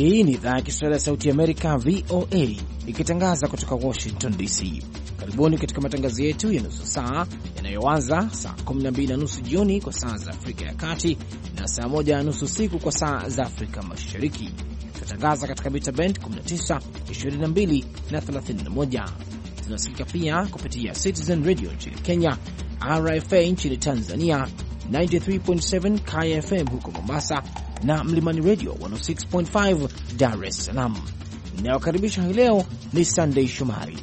Hii ni idhaa ya Kiswahili ya Sauti Amerika, VOA, ikitangaza kutoka Washington DC. Karibuni katika matangazo yetu ya nusu saa yanayoanza saa 12 na nusu jioni kwa saa za Afrika ya Kati na saa 1 na nusu usiku kwa saa za Afrika Mashariki. Tunatangaza katika mita bend 19, 22 na 31. Tunasikika pia kupitia Citizen Radio nchini Kenya, RFA nchini Tanzania 93.7 Kaya FM huko Mombasa na Mlimani Radio 106.5 Dar es Salaam. Inayokaribisha hii leo ni Sunday Shomari,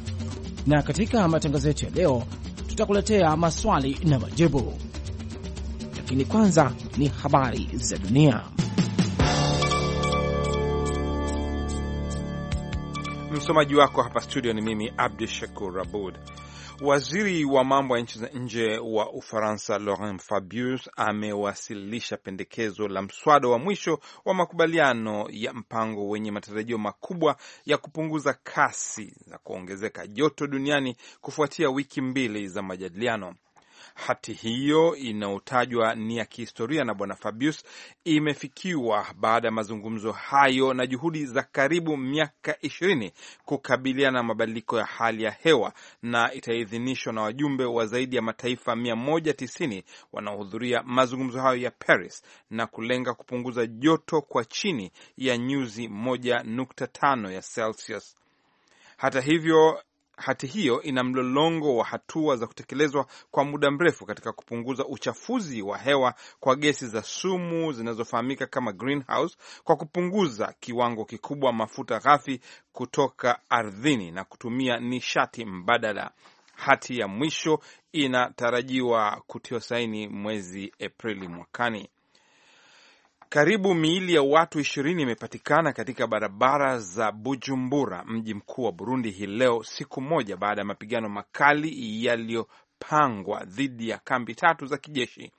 na katika matangazo yetu ya leo tutakuletea maswali na majibu, lakini kwanza ni habari za dunia. Msomaji wako hapa studio ni mimi Abdu Shakur Abud. Waziri wa mambo ya nchi za nje wa Ufaransa Laurent Fabius amewasilisha pendekezo la mswada wa mwisho wa makubaliano ya mpango wenye matarajio makubwa ya kupunguza kasi za kuongezeka joto duniani kufuatia wiki mbili za majadiliano. Hati hiyo inayotajwa ni ya kihistoria na bwana Fabius imefikiwa baada ya mazungumzo hayo na juhudi za karibu miaka ishirini kukabiliana na mabadiliko ya hali ya hewa na itaidhinishwa na wajumbe wa zaidi ya mataifa tisini wanaohudhuria mazungumzo hayo ya Paris na kulenga kupunguza joto kwa chini ya nyuzi tano ya Celsius. Hata hivyo hati hiyo ina mlolongo wa hatua za kutekelezwa kwa muda mrefu katika kupunguza uchafuzi wa hewa kwa gesi za sumu zinazofahamika kama greenhouse, kwa kupunguza kiwango kikubwa mafuta ghafi kutoka ardhini na kutumia nishati mbadala. Hati ya mwisho inatarajiwa kutiwa saini mwezi Aprili mwakani. Karibu miili ya watu ishirini imepatikana katika barabara za Bujumbura, mji mkuu wa Burundi, hii leo, siku moja baada ya mapigano makali yaliyopangwa dhidi ya kambi tatu za kijeshi.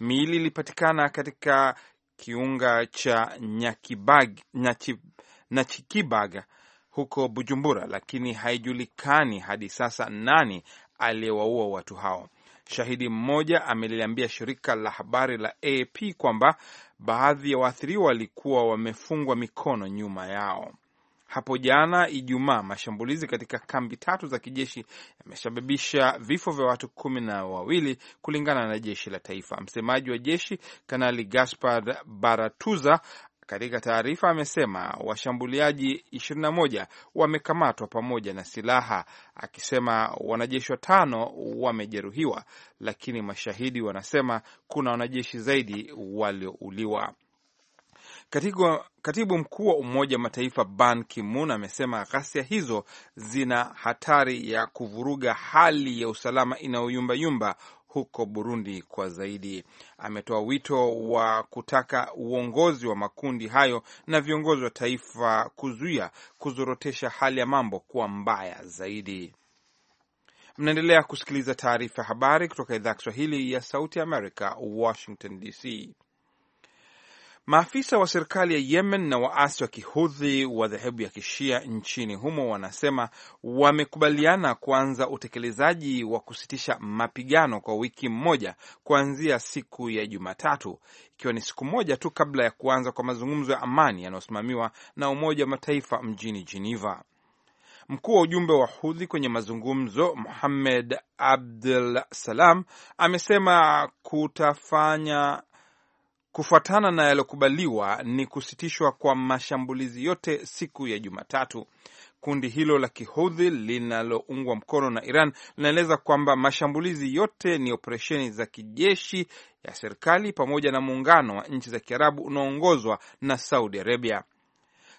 Miili ilipatikana katika kiunga cha Nachikibaga huko Bujumbura, lakini haijulikani hadi sasa nani aliyewaua watu hao. Shahidi mmoja ameliambia shirika la habari la AP kwamba baadhi ya waathiriwa walikuwa wamefungwa mikono nyuma yao. Hapo jana Ijumaa, mashambulizi katika kambi tatu za kijeshi yamesababisha vifo vya watu kumi na wawili kulingana na jeshi la taifa. Msemaji wa jeshi Kanali Gaspard Baratuza katika taarifa amesema washambuliaji 21 wamekamatwa pamoja na silaha, akisema wanajeshi watano wamejeruhiwa, lakini mashahidi wanasema kuna wanajeshi zaidi waliouliwa. Katibu, katibu mkuu wa Umoja wa Mataifa Ban Ki-moon amesema ghasia hizo zina hatari ya kuvuruga hali ya usalama inayoyumbayumba huko Burundi kwa zaidi. Ametoa wito wa kutaka uongozi wa makundi hayo na viongozi wa taifa kuzuia kuzorotesha hali ya mambo kuwa mbaya zaidi. Mnaendelea kusikiliza taarifa ya habari kutoka idhaa ya Kiswahili ya Sauti ya Amerika, Washington DC. Maafisa wa serikali ya Yemen na waasi wa kihudhi wa dhehebu ya kishia nchini humo wanasema wamekubaliana kuanza utekelezaji wa kusitisha mapigano kwa wiki moja kuanzia siku ya Jumatatu, ikiwa ni siku moja tu kabla ya kuanza kwa mazungumzo ya amani yanayosimamiwa na Umoja wa Mataifa mjini Geneva. Mkuu wa ujumbe wa hudhi kwenye mazungumzo Muhammed Abdul Salam amesema kutafanya kufuatana na yaliyokubaliwa ni kusitishwa kwa mashambulizi yote siku ya Jumatatu. Kundi hilo la kihudhi linaloungwa mkono na Iran linaeleza kwamba mashambulizi yote ni operesheni za kijeshi ya serikali pamoja na muungano wa nchi za Kiarabu unaoongozwa na Saudi Arabia.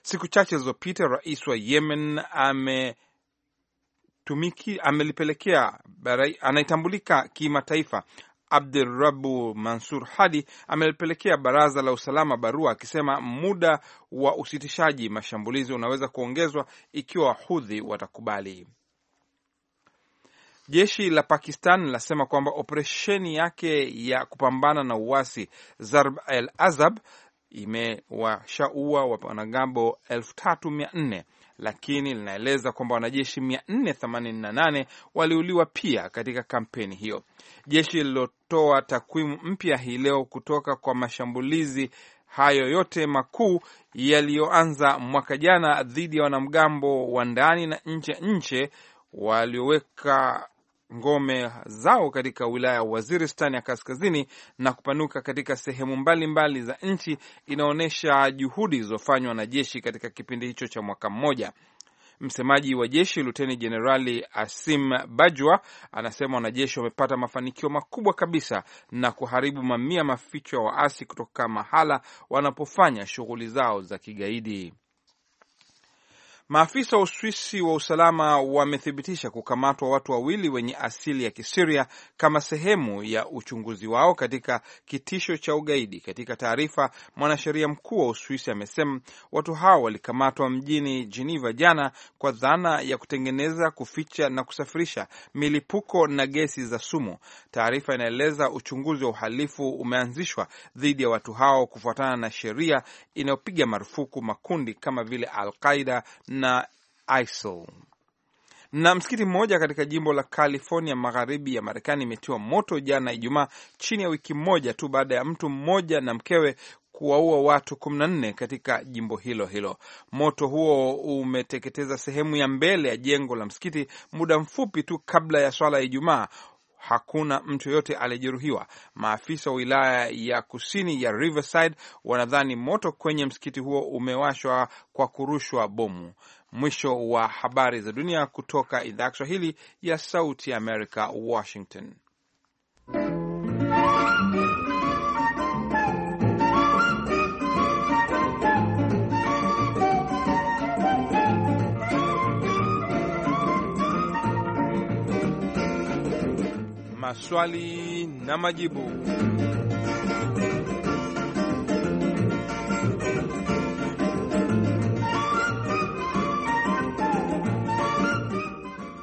Siku chache zilizopita, rais wa Yemen ame tumiki amelipelekea anaitambulika kimataifa Abdurabu Mansur Hadi amelipelekea Baraza la Usalama barua akisema muda wa usitishaji mashambulizi unaweza kuongezwa ikiwa Wahudhi watakubali. Jeshi la Pakistan linasema kwamba operesheni yake ya kupambana na uasi Zarb el Azab imewashaua wanagambo elfu tatu mia nne lakini linaeleza kwamba wanajeshi 488 waliuliwa pia katika kampeni hiyo. Jeshi lililotoa takwimu mpya hii leo kutoka kwa mashambulizi hayo yote makuu yaliyoanza mwaka jana dhidi ya wanamgambo wa ndani na nje nje walioweka ngome zao katika wilaya ya Waziristan ya kaskazini na kupanuka katika sehemu mbalimbali mbali za nchi, inaonyesha juhudi zilizofanywa na jeshi katika kipindi hicho cha mwaka mmoja. Msemaji wa jeshi Luteni Jenerali Asim Bajwa anasema wanajeshi wamepata mafanikio makubwa kabisa na kuharibu mamia maficho ya waasi kutoka mahala wanapofanya shughuli zao za kigaidi. Maafisa wa Uswisi wa usalama wamethibitisha kukamatwa watu wawili wenye asili ya Kisiria kama sehemu ya uchunguzi wao katika kitisho cha ugaidi. Katika taarifa, mwanasheria mkuu wa Uswisi amesema watu hao walikamatwa mjini Geneva jana kwa dhana ya kutengeneza, kuficha na kusafirisha milipuko na gesi za sumu. Taarifa inaeleza uchunguzi wa uhalifu umeanzishwa dhidi ya watu hao kufuatana na sheria inayopiga marufuku makundi kama vile Alqaida na ISIL. Na msikiti mmoja katika jimbo la California magharibi ya Marekani imetiwa moto jana Ijumaa, chini ya wiki moja tu baada ya mtu mmoja na mkewe kuwaua watu 14 katika jimbo hilo hilo. Moto huo umeteketeza sehemu ya mbele ya jengo la msikiti muda mfupi tu kabla ya swala ya Ijumaa, hakuna mtu yoyote aliyejeruhiwa. Maafisa wa wilaya ya kusini ya Riverside wanadhani moto kwenye msikiti huo umewashwa kwa kurushwa bomu. Mwisho wa habari za dunia kutoka idhaa ya Kiswahili ya Sauti ya Amerika, Washington. maswali na majibu.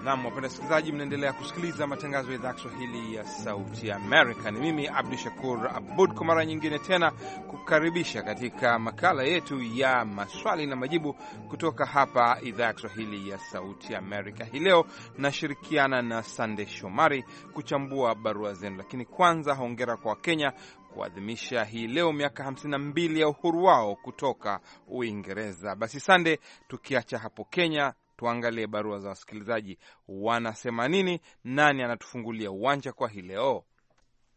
Nam, wapenda wasikilizaji, mnaendelea kusikiliza matangazo ya idhaa Kiswahili ya Sauti Amerika. Ni mimi Abdu Shakur Abud kwa mara nyingine tena kukaribisha katika makala yetu ya maswali na majibu kutoka hapa idhaa ya Kiswahili ya Sauti Amerika. Hii leo nashirikiana na Sande Shomari kuchambua barua zenu, lakini kwanza hongera kwa Wakenya kuadhimisha hii leo miaka 52 ya uhuru wao kutoka Uingereza. Basi Sande, tukiacha hapo Kenya tuangalie barua za wasikilizaji wanasema nini. Nani anatufungulia uwanja kwa hii leo?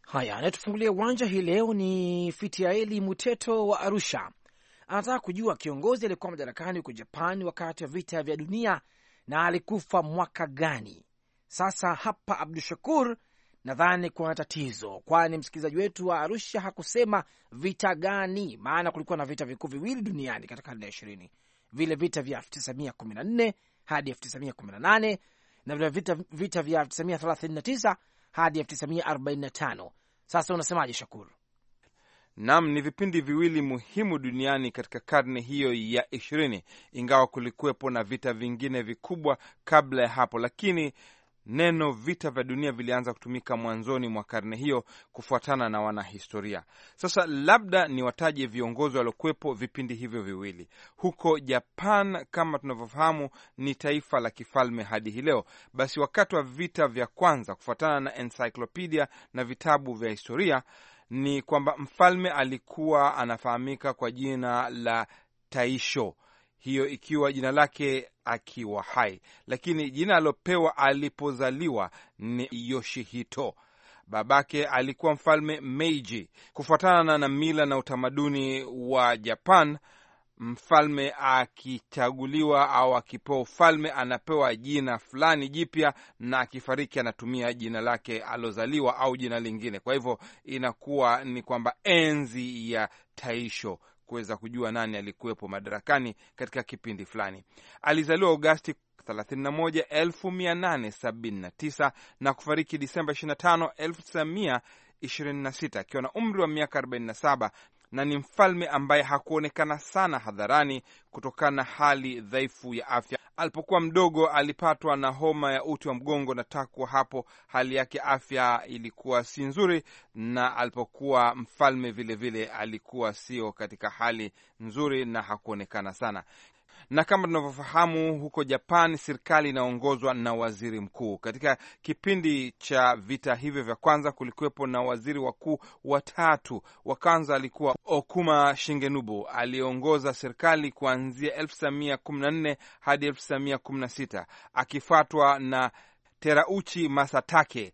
Haya, anayetufungulia uwanja hii leo ni Fitiaeli Muteto wa Arusha. Anataka kujua kiongozi aliyekuwa madarakani huko Japan wakati wa vita vya dunia na alikufa mwaka gani? Sasa hapa, Abdu Shakur, nadhani kuna tatizo, kwani msikilizaji wetu wa Arusha hakusema vita gani, maana kulikuwa na vita vikuu viwili duniani katika karne ya ishirini, vile vita vya 1914 hadi 1918 na vile vita, vita vya 1939 hadi 1945. Sasa unasemaje Shakur? Naam, ni vipindi viwili muhimu duniani katika karne hiyo ya ishirini, ingawa kulikuwepo na vita vingine vikubwa kabla ya hapo, lakini Neno vita vya dunia vilianza kutumika mwanzoni mwa karne hiyo kufuatana na wanahistoria. Sasa labda niwataje viongozi waliokuwepo vipindi hivyo viwili. Huko Japan, kama tunavyofahamu, ni taifa la kifalme hadi hii leo. Basi wakati wa vita vya kwanza, kufuatana na encyclopedia na vitabu vya historia, ni kwamba mfalme alikuwa anafahamika kwa jina la Taisho hiyo ikiwa jina lake akiwa hai, lakini jina alilopewa alipozaliwa ni Yoshihito. Babake alikuwa mfalme Meiji. Kufuatana na mila na utamaduni wa Japan, mfalme akichaguliwa au akipewa ufalme anapewa jina fulani jipya, na akifariki anatumia jina lake alozaliwa au jina lingine. Kwa hivyo inakuwa ni kwamba enzi ya Taisho kuweza kujua nani alikuwepo madarakani katika kipindi fulani. Alizaliwa Agosti 31, 1879 na kufariki Disemba 25, 1926 akiwa na umri wa miaka 47 na ni mfalme ambaye hakuonekana sana hadharani kutokana na hali dhaifu ya afya. Alipokuwa mdogo alipatwa na homa ya uti wa mgongo, na takwa hapo hali yake afya ilikuwa si nzuri, na alipokuwa mfalme vilevile vile alikuwa sio katika hali nzuri na hakuonekana sana. Na kama tunavyofahamu, huko Japan serikali inaongozwa na waziri mkuu. Katika kipindi cha vita hivyo vya kwanza, kulikuwepo na waziri wakuu watatu. Wa kwanza alikuwa Okuma Shingenubu aliyeongoza serikali kuanzia 1914 hadi 1916 akifuatwa na Terauchi Masatake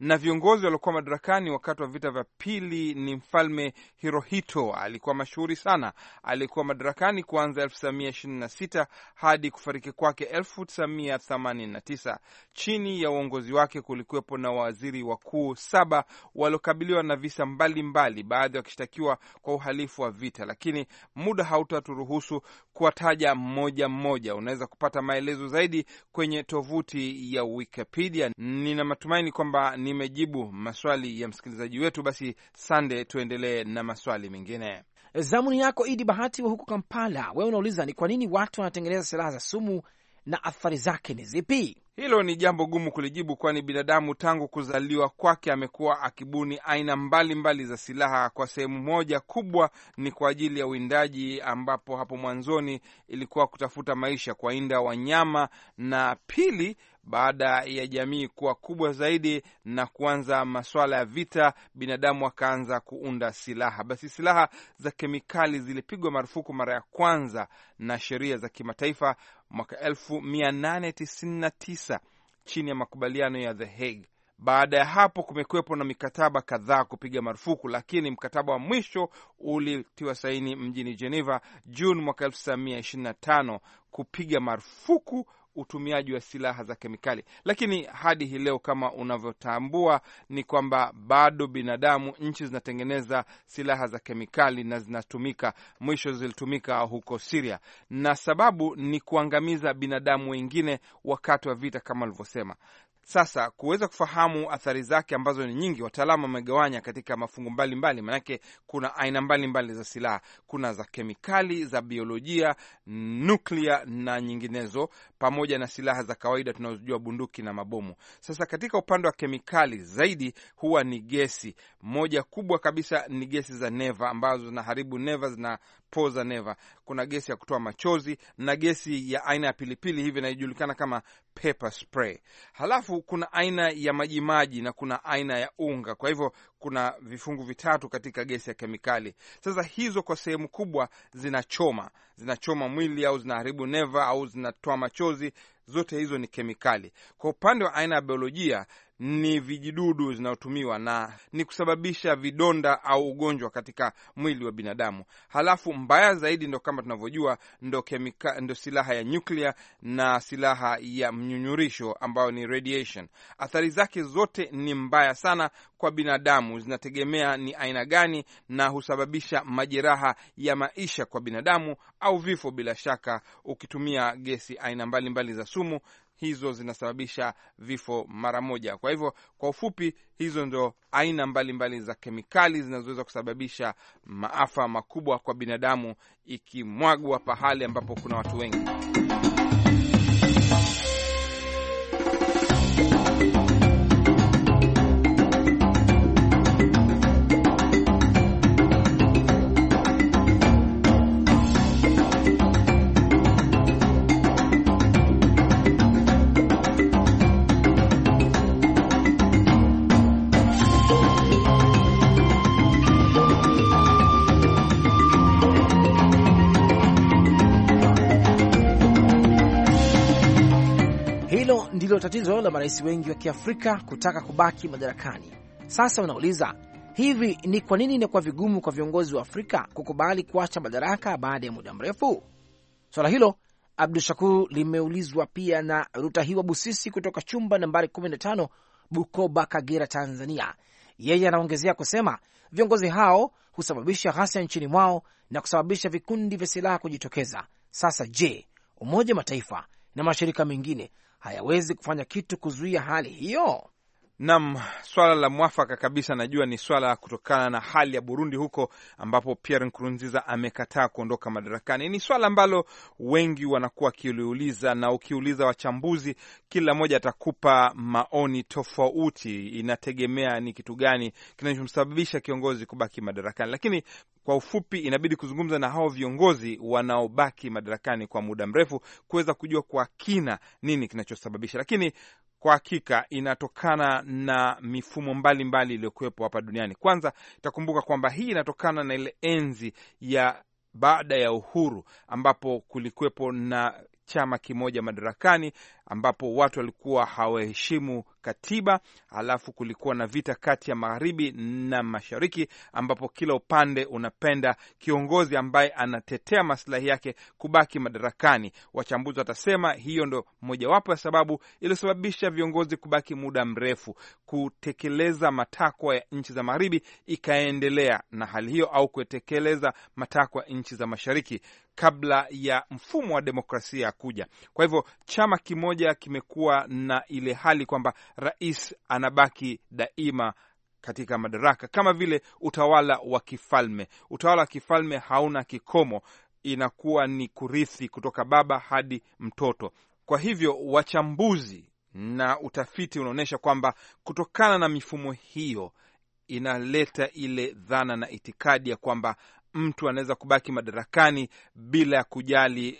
na viongozi waliokuwa madarakani wakati wa vita vya pili ni mfalme Hirohito, alikuwa mashuhuri sana. Alikuwa madarakani kuanza 1926 hadi kufariki kwake 1989. Chini ya uongozi wake kulikuwepo na waziri wakuu saba waliokabiliwa na visa mbalimbali, baadhi wakishtakiwa kwa uhalifu wa vita, lakini muda hautaturuhusu kuwataja mmoja mmoja. Unaweza kupata maelezo zaidi kwenye tovuti ya Wikipedia. Nina matumaini kwamba nimejibu maswali ya msikilizaji wetu. Basi Sande, tuendelee na maswali mengine. Zamuni yako Idi Bahati wa huko Kampala, wewe unauliza ni kwa nini watu wanatengeneza silaha za sumu na athari zake ni zipi? Hilo ni jambo gumu kulijibu, kwani binadamu tangu kuzaliwa kwake amekuwa akibuni aina mbalimbali mbali za silaha. Kwa sehemu moja kubwa ni kwa ajili ya uwindaji, ambapo hapo mwanzoni ilikuwa kutafuta maisha, inda wanyama, na pili baada ya jamii kuwa kubwa zaidi na kuanza masuala ya vita, binadamu wakaanza kuunda silaha. Basi silaha za kemikali zilipigwa marufuku mara ya kwanza na sheria za kimataifa mwaka 1899 chini ya makubaliano ya The Hague. Baada ya hapo kumekuwepo na mikataba kadhaa kupiga marufuku, lakini mkataba wa mwisho ulitiwa saini mjini Geneva Juni mwaka 1925 kupiga marufuku utumiaji wa silaha za kemikali. Lakini hadi hii leo, kama unavyotambua, ni kwamba bado binadamu, nchi zinatengeneza silaha za kemikali na zinatumika. Mwisho zilitumika huko Siria, na sababu ni kuangamiza binadamu wengine wakati wa vita, kama alivyosema sasa kuweza kufahamu athari zake ambazo ni nyingi, wataalamu wamegawanya katika mafungu mbalimbali, maanake kuna aina mbalimbali mbali za silaha, kuna za kemikali, za biolojia, nuklia na nyinginezo, pamoja na silaha za kawaida tunazojua, bunduki na mabomu. Sasa katika upande wa kemikali zaidi huwa ni gesi moja kubwa kabisa, ni gesi za neva ambazo zinaharibu neva, zina kupoza neva. Kuna gesi ya kutoa machozi na gesi ya aina ya pilipili hivi inayojulikana kama pepper spray. Halafu kuna aina ya majimaji na kuna aina ya unga. Kwa hivyo kuna vifungu vitatu katika gesi ya kemikali. Sasa hizo kwa sehemu kubwa zinachoma, zinachoma mwili au zinaharibu neva au zinatoa machozi. Zote hizo ni kemikali. Kwa upande wa aina ya biolojia, ni vijidudu zinayotumiwa na ni kusababisha vidonda au ugonjwa katika mwili wa binadamu. Halafu mbaya zaidi, ndo kama tunavyojua, ndo kemika, ndo silaha ya nyuklia na silaha ya mnyunyurisho ambayo ni radiation. Athari zake zote ni mbaya sana kwa binadamu, zinategemea ni aina gani, na husababisha majeraha ya maisha kwa binadamu au vifo, bila shaka, ukitumia gesi aina mbalimbali mbali za sumu hizo zinasababisha vifo mara moja. Kwa hivyo, kwa ufupi, hizo ndio aina mbalimbali mbali za kemikali zinazoweza kusababisha maafa makubwa kwa binadamu ikimwagwa pahali ambapo kuna watu wengi. ndilo tatizo la marais wengi wa Kiafrika kutaka kubaki madarakani. Sasa unauliza hivi, ni kwa nini inakuwa vigumu kwa viongozi wa Afrika kukubali kuacha madaraka baada ya muda mrefu? Swala hilo Abdu Shakur limeulizwa pia na Rutahiwa Busisi kutoka chumba nambari 15 Bukoba, Kagera, Tanzania. Yeye anaongezea kusema viongozi hao husababisha ghasia nchini mwao na kusababisha vikundi vya silaha kujitokeza. Sasa je, Umoja wa Mataifa na mashirika mengine hayawezi kufanya kitu kuzuia hali hiyo? Nam, swala la mwafaka kabisa, najua ni swala kutokana na hali ya Burundi huko ambapo Pierre Nkurunziza amekataa kuondoka madarakani. Ni swala ambalo wengi wanakuwa wakiliuliza, na ukiuliza wachambuzi, kila mmoja atakupa maoni tofauti. Inategemea ni kitu gani kinachomsababisha kiongozi kubaki madarakani, lakini kwa ufupi, inabidi kuzungumza na hao viongozi wanaobaki madarakani kwa muda mrefu kuweza kujua kwa kina nini kinachosababisha, lakini kwa hakika inatokana na mifumo mbalimbali iliyokuwepo hapa duniani. Kwanza itakumbuka kwamba hii inatokana na ile enzi ya baada ya uhuru ambapo kulikuwepo na chama kimoja madarakani ambapo watu walikuwa hawaheshimu katiba. Alafu kulikuwa na vita kati ya magharibi na mashariki, ambapo kila upande unapenda kiongozi ambaye anatetea masilahi yake kubaki madarakani. Wachambuzi watasema hiyo ndo mojawapo ya sababu iliyosababisha viongozi kubaki muda mrefu, kutekeleza matakwa ya nchi za magharibi ikaendelea na hali hiyo, au kutekeleza matakwa ya nchi za mashariki kabla ya mfumo wa demokrasia kuja. Kwa hivyo chama kimoja kimoja kimekuwa na ile hali kwamba rais anabaki daima katika madaraka, kama vile utawala wa kifalme. Utawala wa kifalme hauna kikomo, inakuwa ni kurithi kutoka baba hadi mtoto. Kwa hivyo wachambuzi na utafiti unaonyesha kwamba kutokana na mifumo hiyo inaleta ile dhana na itikadi ya kwamba mtu anaweza kubaki madarakani bila ya kujali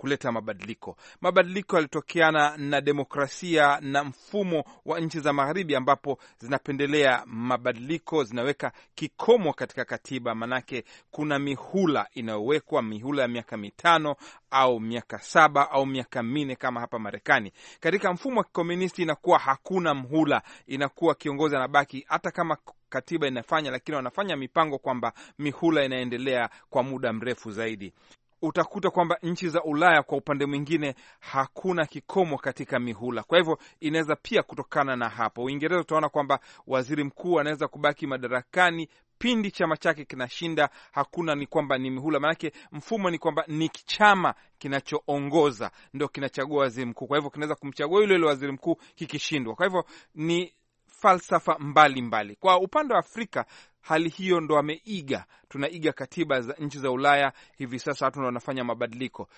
kuleta mabadiliko. Mabadiliko yalitokeana na demokrasia na mfumo wa nchi za Magharibi, ambapo zinapendelea mabadiliko, zinaweka kikomo katika katiba, manake kuna mihula inayowekwa, mihula ya miaka mitano au miaka saba au miaka minne kama hapa Marekani. Katika mfumo wa kikomunisti inakuwa hakuna mhula, inakuwa kiongozi anabaki hata kama katiba inafanya, lakini wanafanya mipango kwamba mihula inaendelea kwa muda mrefu zaidi utakuta kwamba nchi za Ulaya kwa upande mwingine hakuna kikomo katika mihula. Kwa hivyo inaweza pia kutokana na hapo. Uingereza utaona kwamba waziri mkuu anaweza kubaki madarakani pindi chama chake kinashinda. Hakuna ni kwamba ni mihula, maanake mfumo ni kwamba ni chama kinachoongoza ndo kinachagua waziri mkuu. Kwa hivyo kinaweza kumchagua yule yule waziri mkuu kikishindwa. Kwa hivyo ni falsafa mbalimbali mbali. Kwa upande wa Afrika hali hiyo ndo ameiga, tunaiga katiba za nchi za Ulaya hivi sasa, watu ndo wanafanya mabadiliko.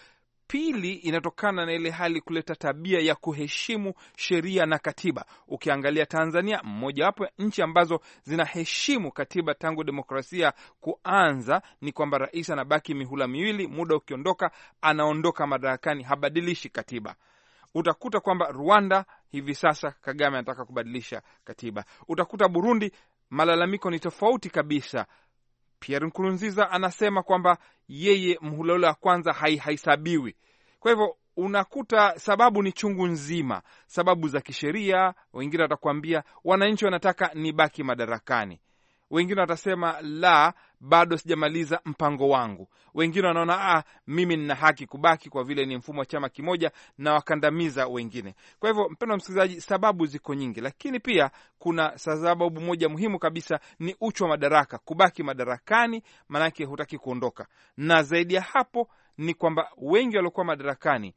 Pili, inatokana na ile hali kuleta tabia ya kuheshimu sheria na katiba. Ukiangalia Tanzania, mmojawapo ya nchi ambazo zinaheshimu katiba tangu demokrasia kuanza, ni kwamba rais anabaki mihula miwili, muda ukiondoka, anaondoka madarakani, habadilishi katiba. Utakuta kwamba Rwanda hivi sasa Kagame anataka kubadilisha katiba. Utakuta Burundi malalamiko ni tofauti kabisa. Pierre Nkurunziza anasema kwamba yeye mhula ule wa kwanza haihesabiwi. Kwa hivyo unakuta sababu ni chungu nzima, sababu za kisheria. Wengine watakuambia wananchi wanataka nibaki madarakani. Wengine watasema la, bado sijamaliza mpango wangu. Wengine wanaona ah, mimi nina haki kubaki kwa vile ni mfumo wa chama kimoja na wakandamiza wengine. Kwa hivyo, mpendwa msikilizaji, sababu ziko nyingi, lakini pia kuna sababu moja muhimu kabisa, ni uchu wa madaraka, kubaki madarakani, maanake hutaki kuondoka. Na zaidi ya hapo ni kwamba wengi waliokuwa madarakani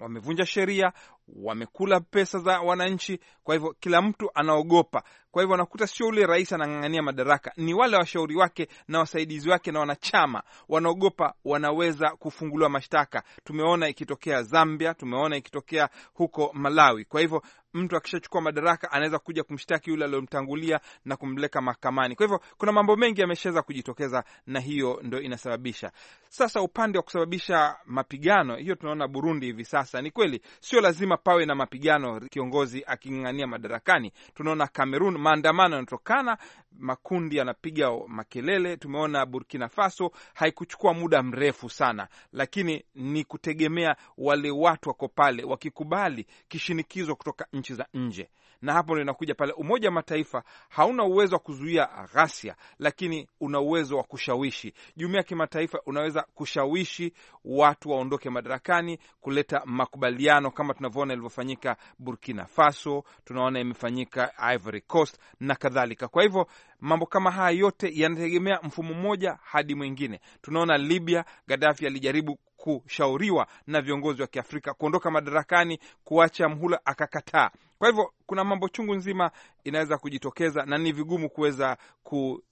wamevunja sheria, wamekula pesa za wananchi. Kwa hivyo kila mtu anaogopa. Kwa hivyo anakuta sio ule rais anang'ang'ania madaraka, ni wale washauri wake na wasaidizi wake na wanachama wanaogopa, wanaweza kufunguliwa mashtaka. Tumeona ikitokea Zambia, tumeona ikitokea huko Malawi. Kwa hivyo mtu akishachukua madaraka anaweza kuja kumshtaki yule aliyomtangulia na kumleka mahakamani. Kwa hivyo kuna mambo mengi yameshaweza kujitokeza, na hiyo ndo inasababisha sasa upande wa kusababisha mapigano. Hiyo tunaona Burundi hivi sasa. Ni kweli sio lazima lazima pawe na mapigano, kiongozi aking'ang'ania madarakani. Tunaona Kamerun maandamano yanatokana, makundi yanapiga makelele. Tumeona Burkina Faso, haikuchukua muda mrefu sana, lakini ni kutegemea wale watu wako pale wakikubali kishinikizo kutoka nchi za nje na hapo ndo inakuja pale Umoja wa Mataifa hauna uwezo wa kuzuia ghasia, lakini una uwezo wa kushawishi. Jumuia ya kimataifa unaweza kushawishi watu waondoke madarakani, kuleta makubaliano kama tunavyoona ilivyofanyika Burkina Faso, tunaona imefanyika Ivory Coast na kadhalika. Kwa hivyo mambo kama haya yote yanategemea mfumo mmoja hadi mwingine. Tunaona Libya, Gaddafi alijaribu kushauriwa na viongozi wa Kiafrika kuondoka madarakani, kuacha mhula, akakataa. Kwa hivyo kuna mambo chungu nzima inaweza kujitokeza na ni vigumu kuweza ku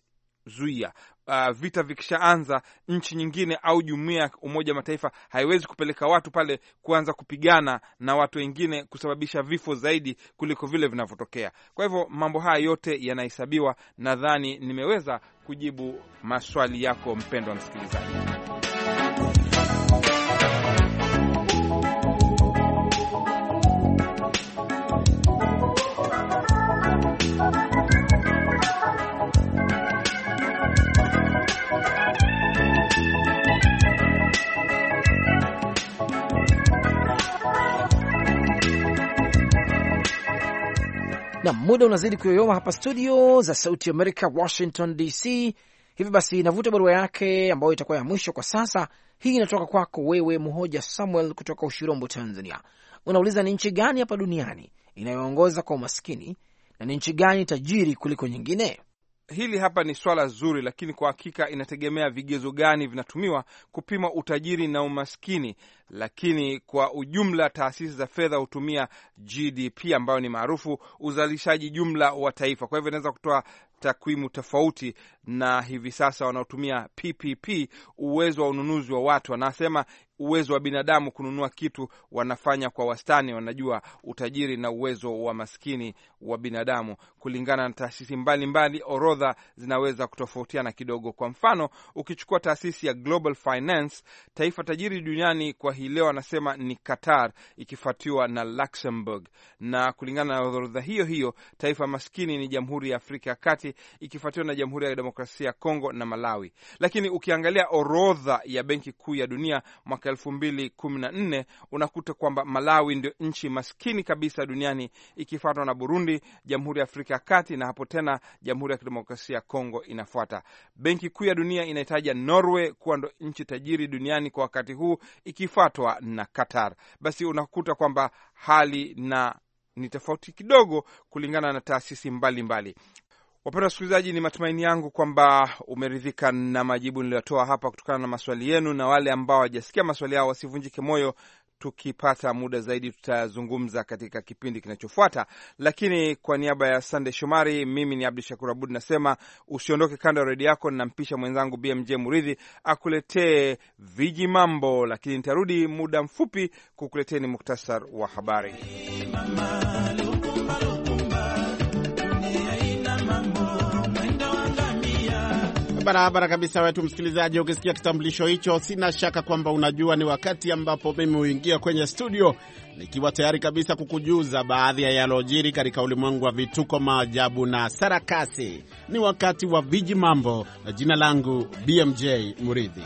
zuia uh, ah, vita vikishaanza, nchi nyingine au jumuia ya Umoja Mataifa haiwezi kupeleka watu pale kuanza kupigana na watu wengine kusababisha vifo zaidi kuliko vile vinavyotokea. Kwa hivyo mambo haya yote yanahesabiwa. Nadhani nimeweza kujibu maswali yako mpendwa msikilizaji. na muda unazidi kuyoyoma hapa studio za Sauti ya Amerika, Washington DC. Hivyo basi inavuta barua yake ambayo itakuwa ya mwisho kwa sasa. Hii inatoka kwako wewe Mhoja Samuel kutoka Ushirombo, Tanzania. Unauliza, ni nchi gani hapa duniani inayoongoza kwa umaskini na ni nchi gani tajiri kuliko nyingine? hili hapa ni swala zuri, lakini kwa hakika inategemea vigezo gani vinatumiwa kupima utajiri na umaskini. Lakini kwa ujumla, taasisi za fedha hutumia GDP ambayo ni maarufu uzalishaji jumla wa taifa, kwa hivyo inaweza kutoa takwimu tofauti. Na hivi sasa wanaotumia PPP, uwezo wa ununuzi wa watu, anasema uwezo wa binadamu kununua kitu wanafanya kwa wastani, wanajua utajiri na uwezo wa maskini wa binadamu. Kulingana na taasisi mbalimbali, orodha zinaweza kutofautiana kidogo. Kwa mfano, ukichukua taasisi ya Global Finance, taifa tajiri duniani kwa hii leo anasema ni Qatar, ikifuatiwa na Luxembourg. Na kulingana na orodha hiyo hiyo, taifa maskini ni Jamhuri ya Afrika ya Kati, ikifuatiwa na Jamhuri ya Demokrasia ya Kongo na Malawi. Lakini ukiangalia orodha ya Benki Kuu ya Dunia mwaka 214 elfu mbili kumi na nne unakuta kwamba Malawi ndio nchi maskini kabisa duniani ikifuatwa na Burundi, Jamhuri ya Afrika ya Kati na hapo tena Jamhuri ya Kidemokrasia ya Kongo inafuata. Benki Kuu ya Dunia inahitaja Norway kuwa ndo nchi tajiri duniani kwa wakati huu ikifuatwa na Qatar. Basi unakuta kwamba hali na ni tofauti kidogo kulingana na taasisi mbalimbali mbali. Wapenda wasikilizaji, ni matumaini yangu kwamba umeridhika na majibu niliyotoa hapa kutokana na maswali yenu, na wale ambao hawajasikia maswali yao wasivunjike moyo. Tukipata muda zaidi, tutazungumza katika kipindi kinachofuata, lakini kwa niaba ya Sande Shomari, mimi ni Abdu Shakur Abud nasema usiondoke kando ya redio yako. nampisha mwenzangu BMJ Muridhi akuletee viji mambo, lakini nitarudi muda mfupi kukuleteni muktasar wa habari. barabara kabisa wetu msikilizaji, ukisikia kitambulisho hicho, sina shaka kwamba unajua ni wakati ambapo mimi huingia kwenye studio nikiwa tayari kabisa kukujuza baadhi ya yalojiri katika ulimwengu wa vituko, maajabu na sarakasi. Ni wakati wa viji mambo, na jina langu BMJ Muridhi.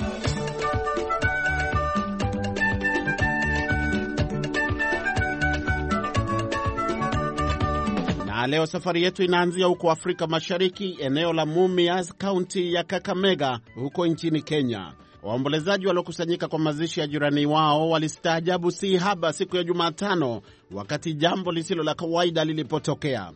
leo safari yetu inaanzia huko Afrika Mashariki, eneo la Mumias, kaunti ya Kakamega, huko nchini Kenya. Waombolezaji waliokusanyika kwa mazishi ya jirani wao walistaajabu si haba siku ya Jumatano wakati jambo lisilo la kawaida lilipotokea.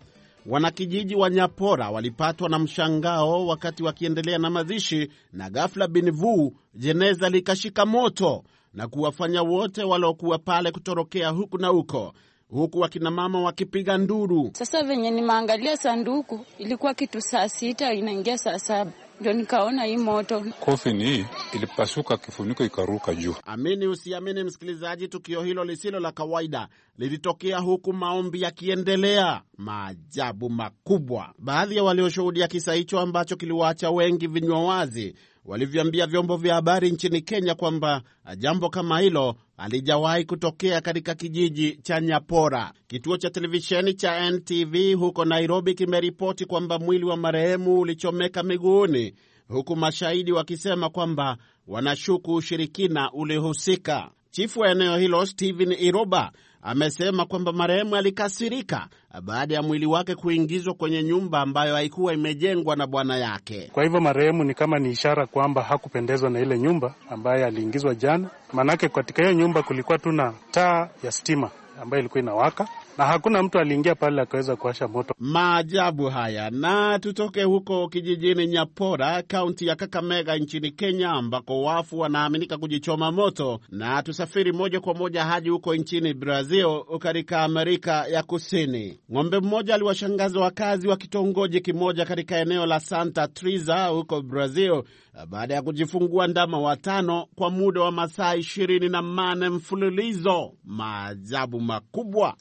Wanakijiji wa Nyapora walipatwa na mshangao wakati wakiendelea na mazishi, na ghafla bin vuu jeneza likashika moto na kuwafanya wote waliokuwa pale kutorokea huku na huko huku wakinamama wakipiga nduru. Sasa venye nimeangalia sanduku ilikuwa kitu saa sita inaingia saa saba ndio nikaona hii moto kofi ni hii ilipasuka, kifuniko ikaruka juu. Amini usiamini, msikilizaji, tukio hilo lisilo la kawaida lilitokea huku maombi yakiendelea. Maajabu makubwa! Baadhi ya walioshuhudia kisa hicho ambacho kiliwaacha wengi vinywa wazi walivyoambia vyombo vya habari nchini Kenya kwamba ah, jambo kama hilo halijawahi kutokea katika kijiji cha Nyapora. Kituo cha televisheni cha NTV huko Nairobi kimeripoti kwamba mwili wa marehemu ulichomeka miguuni, huku mashahidi wakisema kwamba wanashuku ushirikina ulihusika. Chifu wa eneo hilo Stephen Iroba amesema kwamba marehemu alikasirika baada ya mwili wake kuingizwa kwenye nyumba ambayo haikuwa imejengwa na bwana yake. Kwa hivyo marehemu ni kama ni ishara kwamba hakupendezwa na ile nyumba ambayo aliingizwa jana, maanake katika hiyo nyumba kulikuwa tu na taa ya stima ambayo ilikuwa inawaka na hakuna mtu aliingia pale akaweza kuwasha moto. Maajabu haya. Na tutoke huko kijijini Nyapora, kaunti ya Kakamega nchini Kenya, ambako wafu wanaaminika kujichoma moto, na tusafiri moja kwa moja hadi huko nchini Brazil, katika Amerika ya Kusini. Ng'ombe mmoja aliwashangaza wakazi wa kitongoji kimoja katika eneo la Santa Triza huko Brazil baada ya kujifungua ndama watano kwa muda wa masaa ishirini na mane mfululizo. Maajabu makubwa.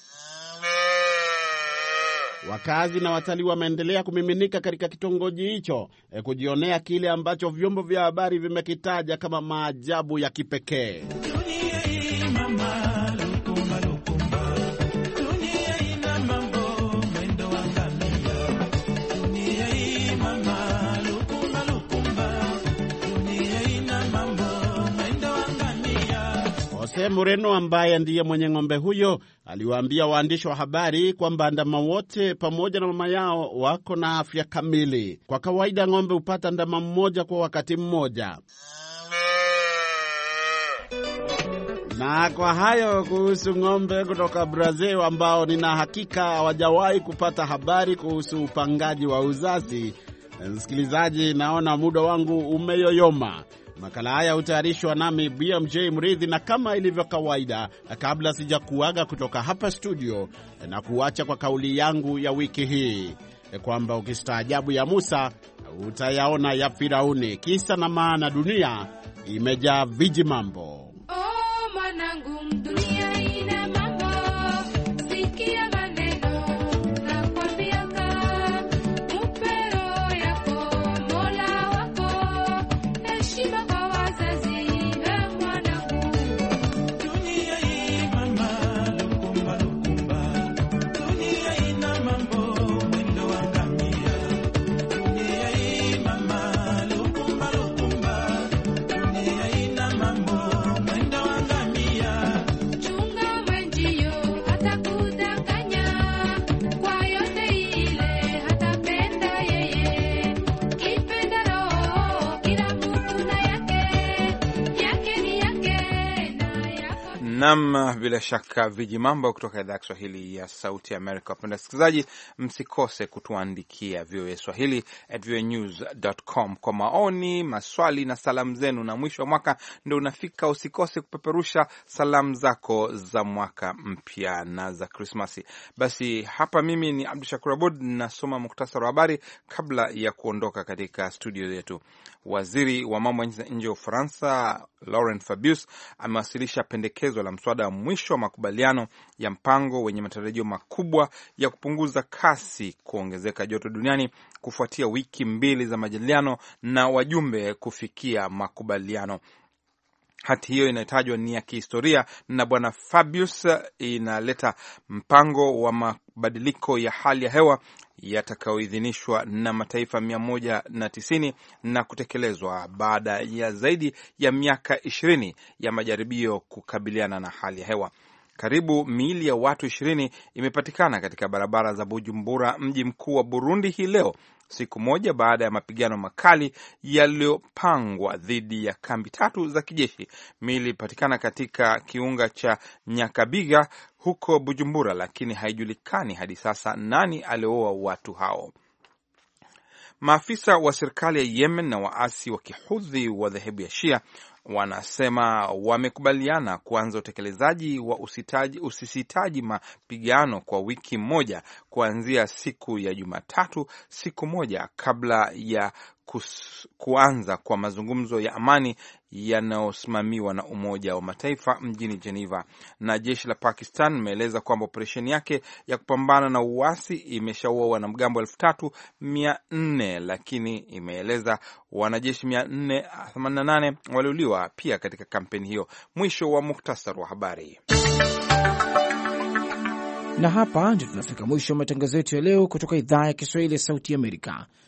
Wakazi na watalii wameendelea kumiminika katika kitongoji hicho e, kujionea kile ambacho vyombo vya habari vimekitaja kama maajabu ya kipekee. Moreno ambaye ndiye mwenye ng'ombe huyo aliwaambia waandishi wa habari kwamba ndama wote pamoja na mama yao wako na afya kamili. Kwa kawaida ng'ombe hupata ndama mmoja kwa wakati mmoja. Na kwa hayo kuhusu ng'ombe kutoka Brazil ambao nina hakika hawajawahi kupata habari kuhusu upangaji wa uzazi. Msikilizaji, naona muda wangu umeyoyoma. Makala haya hutayarishwa nami BMJ Mridhi, na kama ilivyo kawaida, kabla sijakuaga kutoka hapa studio, na kuacha kwa kauli yangu ya wiki hii kwamba ukistaajabu ya Musa utayaona ya Firauni. Kisa na maana, dunia imejaa viji mambo oh, Nam, bila shaka viji mambo kutoka idhaa ya Kiswahili ya Sauti Amerika. Wapenda wasikilizaji, msikose kutuandikia VOA Swahili at voanews.com kwa maoni, maswali na salamu zenu, na mwisho wa mwaka ndo unafika, usikose kupeperusha salamu zako za mwaka mpya na za Krismasi. Basi hapa mimi ni Abdu Shakur Abud nasoma muktasari wa habari kabla ya kuondoka katika studio yetu. Waziri wa mambo ya nje ya nje Ufaransa Laurent Fabius amewasilisha pendekezo la mswada wa mwisho wa makubaliano ya mpango wenye matarajio makubwa ya kupunguza kasi kuongezeka joto duniani kufuatia wiki mbili za majadiliano na wajumbe kufikia makubaliano. Hati hiyo inayotajwa ni ya kihistoria na Bwana Fabius inaleta mpango wa mabadiliko ya hali ya hewa yatakayoidhinishwa na mataifa mia moja na tisini na kutekelezwa baada ya zaidi ya miaka ishirini ya majaribio kukabiliana na hali ya hewa. Karibu miili ya watu ishirini imepatikana katika barabara za Bujumbura, mji mkuu wa Burundi, hii leo siku moja baada ya mapigano makali yaliyopangwa dhidi ya kambi tatu za kijeshi. Miili ilipatikana katika kiunga cha Nyakabiga huko Bujumbura, lakini haijulikani hadi sasa nani alioua watu hao. Maafisa wa serikali ya Yemen na waasi wa kihudhi wa dhehebu ya Shia wanasema wamekubaliana kuanza utekelezaji wa usitaji, usisitaji mapigano kwa wiki moja kuanzia siku ya Jumatatu, siku moja kabla ya kuanza kwa mazungumzo ya amani yanayosimamiwa na Umoja wa Mataifa mjini Geneva. Na jeshi la Pakistan imeeleza kwamba operesheni yake ya kupambana na uasi imeshaua wanamgambo elfu tatu mia nne lakini imeeleza wanajeshi 488 waliuliwa pia katika kampeni hiyo. Mwisho wa muktasar wa habari. Na hapa ndio tunafika mwisho wa matangazo yetu ya leo kutoka idhaa ya Kiswahili ya Sauti Amerika.